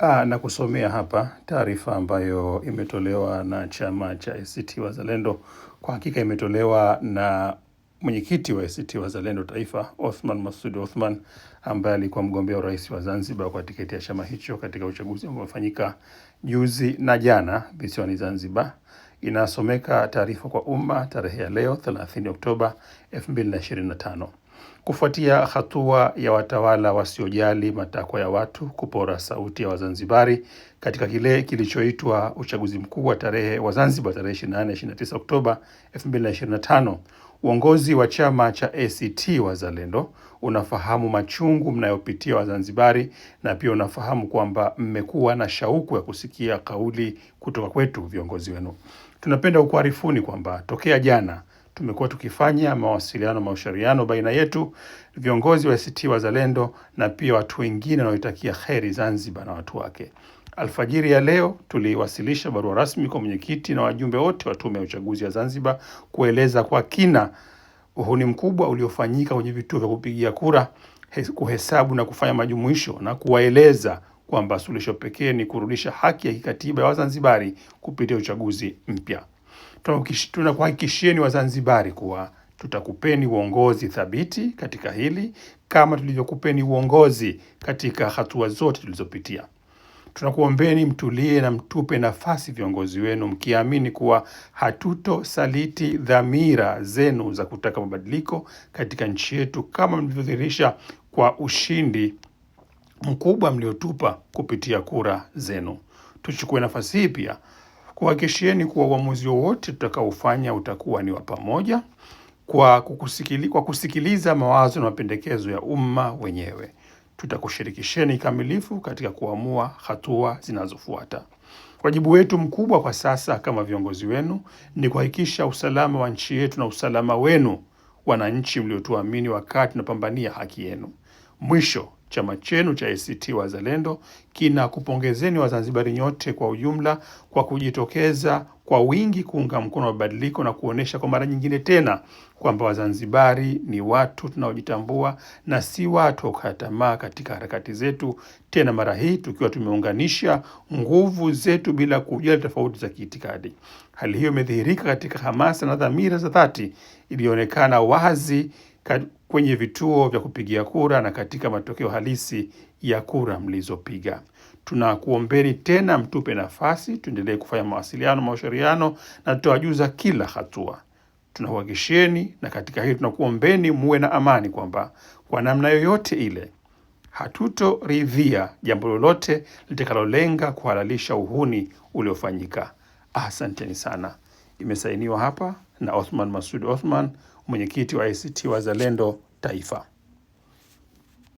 Aa, ah, na kusomea hapa taarifa ambayo imetolewa na chama cha ACT Wazalendo. Kwa hakika imetolewa na mwenyekiti wa ACT Wazalendo Taifa, Othman Masoud Othman, ambaye alikuwa mgombea urais wa Zanzibar kwa tiketi ya chama hicho katika uchaguzi ambao umefanyika juzi na jana visiwani Zanzibar. Inasomeka taarifa kwa umma tarehe ya leo 30 Oktoba 2025 kufuatia hatua ya watawala wasiojali matakwa ya watu kupora sauti ya Wazanzibari katika kile kilichoitwa uchaguzi mkuu wa tarehe wa Zanzibar tarehe 28 29 Oktoba 2025. Uongozi wa chama cha ACT Wazalendo unafahamu machungu mnayopitia Wazanzibari na pia unafahamu kwamba mmekuwa na shauku ya kusikia kauli kutoka kwetu viongozi wenu. Tunapenda ukuarifuni kwamba tokea jana tumekuwa tukifanya mawasiliano, mashauriano baina yetu viongozi wa ACT Wazalendo na pia watu wengine wanaoitakia kheri Zanzibar na watu wake. Alfajiri ya leo tuliwasilisha barua rasmi kwa mwenyekiti na wajumbe wote wa Tume ya Uchaguzi ya Zanzibar kueleza kwa kina uhuni mkubwa uliofanyika kwenye vituo vya kupigia kura, kuhesabu na kufanya majumuisho na kuwaeleza kwamba suluhisho pekee ni kurudisha haki ya kikatiba ya Wazanzibari kupitia uchaguzi mpya. Tunakuhakikishieni Wazanzibari kuwa tutakupeni uongozi thabiti katika hili kama tulivyokupeni uongozi katika hatua zote tulizopitia. Tunakuombeni mtulie na mtupe nafasi viongozi wenu, mkiamini kuwa hatutosaliti dhamira zenu za kutaka mabadiliko katika nchi yetu kama mlivyodhihirisha kwa ushindi mkubwa mliotupa kupitia kura zenu. Tuchukue nafasi hii pia kuhakikishieni kuwa uamuzi wowote tutakaofanya utakuwa ni wa pamoja kwa kukusikili, kwa kusikiliza mawazo na mapendekezo ya umma wenyewe. Tutakushirikisheni kikamilifu katika kuamua hatua zinazofuata. Wajibu wetu mkubwa kwa sasa kama viongozi wenu ni kuhakikisha usalama wa nchi yetu na usalama wenu wananchi mliotuamini wakati tunapambania haki yenu. Mwisho, chama chenu cha ACT Wazalendo kina kupongezeni Wazanzibari nyote kwa ujumla kwa kujitokeza kwa wingi kuunga mkono wa mabadiliko na kuonesha kwa mara nyingine tena kwamba Wazanzibari ni watu tunaojitambua na si watu wa kukata tamaa katika harakati zetu, tena mara hii tukiwa tumeunganisha nguvu zetu bila kujali tofauti za kiitikadi. Hali hiyo imedhihirika katika hamasa na dhamira za dhati iliyoonekana wazi kwenye vituo vya kupigia kura na katika matokeo halisi ya kura mlizopiga. Tunakuombeni tena mtupe nafasi, tuendelee kufanya mawasiliano, mashauriano na tutawajuza kila hatua. Tunawahakikishieni na katika hili tunakuombeni muwe na amani kwamba kwa namna yoyote ile hatutoridhia jambo lolote litakalolenga kuhalalisha uhuni uliofanyika. Asanteni sana. Imesainiwa hapa na Othman Masud Othman, mwenyekiti wa ACT Wazalendo Taifa.